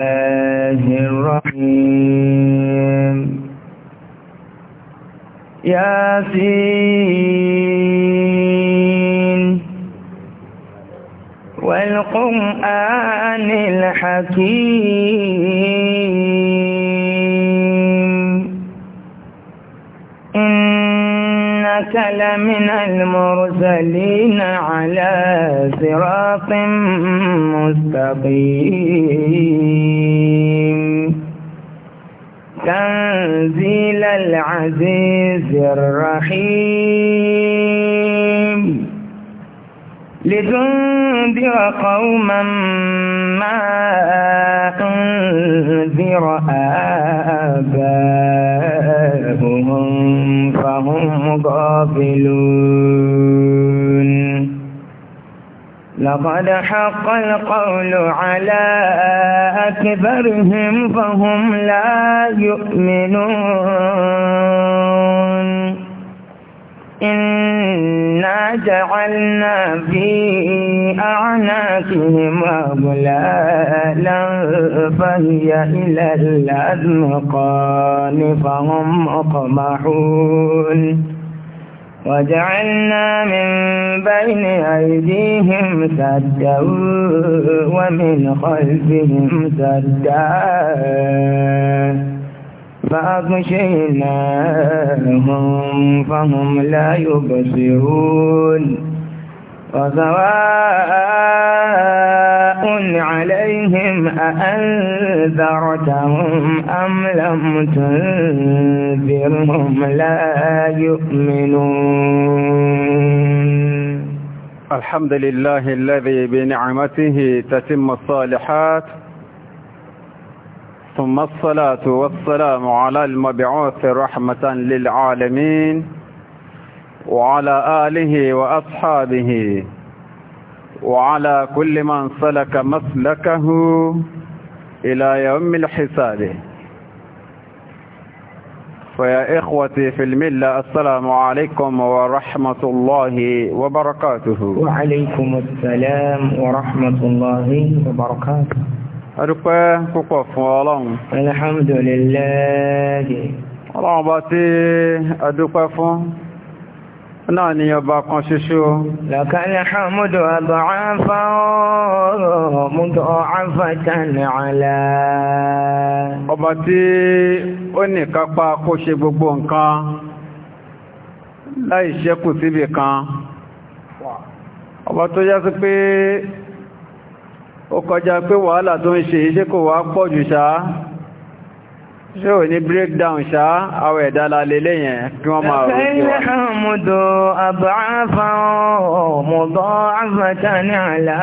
الله الرحيم يا ياسين والقرآن الحكيم إنك لمن المرسلين على صراط مستقيم العزيز الرحيم لتنذر قوما ما أنذر آباؤهم فهم غافلون لقد حق القول على أكبرهم فهم لا يؤمنون إنا جعلنا في أعناقهم أغلالا فهي إلى الأذنقان فهم أقمحون وجعلنا من بين أيديهم سدا ومن خلفهم سدا فأغشيناهم فهم لا يبصرون وسواء عليهم أأنذرتهم أم لم تنذرهم لا يؤمنون الحمد لله الذي بنعمته تتم الصالحات ثم الصلاة والسلام على المبعوث رحمة للعالمين وعلى آله وأصحابه وعلى كل من سلك مسلكه إلى يوم الحساب فيا إخوتي في الملة السلام عليكم ورحمة الله وبركاته وعليكم السلام ورحمة الله وبركاته أدوكي كوكوف والله الحمد لله الله باتي أدوكي فون náà ni ọba kan ṣoṣo. Lọ́kàlẹ̀ Hamdu Abu'afa ọ̀rọ̀ mútọ̀ àfàtàlẹ̀ ọ̀la. Ọba tí ó ní kápá kó ṣe gbogbo nǹkan láì ṣẹ́kù síbì kan. Ọba tó yá sí pé ó kọjá pé wàhálà tó ń ṣe iṣẹ́ kò wá pọ̀ jù ṣáá. So ò ní breakdown ṣá àwọn ẹ̀dá lálẹ́lẹ́ yẹn kí wọ́n máa rúkú wá. ẹ̀fẹ́ mọ́dọ̀ àbáfà mọ́dọ̀ àbájá ní àlá.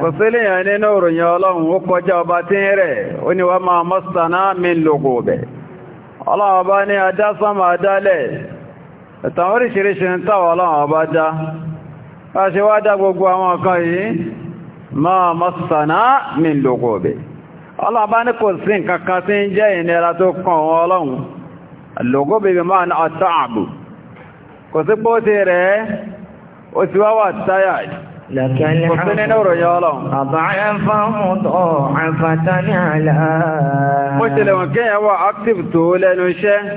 kòsílẹ̀ yẹn nínú òròyìn ọlọ́run ó kọjá ọba tí ń rẹ̀ ó ní wọ́n máa mọ́sánà mi lògò bẹ̀. ọlọ́run ọba ní ọlọ́ọ̀bá ní kò sí nǹkan kan tí ń jẹ́ ìnira tó kàn wọn ọlọ́run lògó bèbè máa ní ọ̀tọ́ ààbò kò sí pé ó ti rẹ̀ ẹ́ ó ti wá wà táyà kò sí nínú ìròyìn ọlọ́run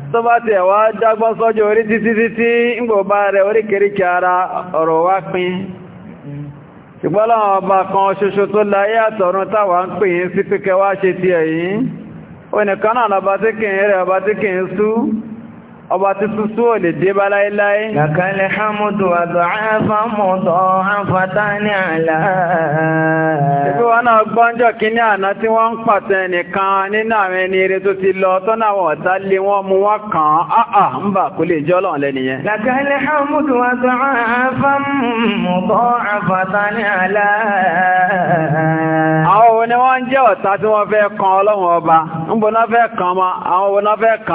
tó bá tẹ̀ wá jágbọ́n sọ́jọ́ orí títí títí ń gbò bá rẹ̀ ara ọ̀rọ̀ wá pín ọba kan ṣoṣo tó láyé àtọ̀run táwa ń pè sí ṣe ti ẹ̀yìn ọba tí súsú ò lè dé bá láíláí. Kàkàlẹ̀ Hamdu àdọ̀ àfàmọ̀tọ̀ àfàtà ní àlá. Ibi wọn náà gbọ́njọ́ kìíní àná tí wọ́n ń pàṣẹ nìkan nínú àwọn ẹni eré tó ti lọ tọ́nà àwọn ọ̀tá lé wọn mú wọn kàn áà ah, ah, ń bà kó lè jọ́ lọ́n lẹ́nìyẹn. Kàkàlẹ̀ Hamdu àdọ̀ àfàmọ̀tọ̀ àfàtà ní àlá. Àwọn òun ni wọ́n ń jẹ́ ọ̀tá tí wọ́n fẹ́ kan ọlọ́run ọba. Ń bọ̀ náà fẹ́ kan ọmọ, àwọn òun náà fẹ́ kan.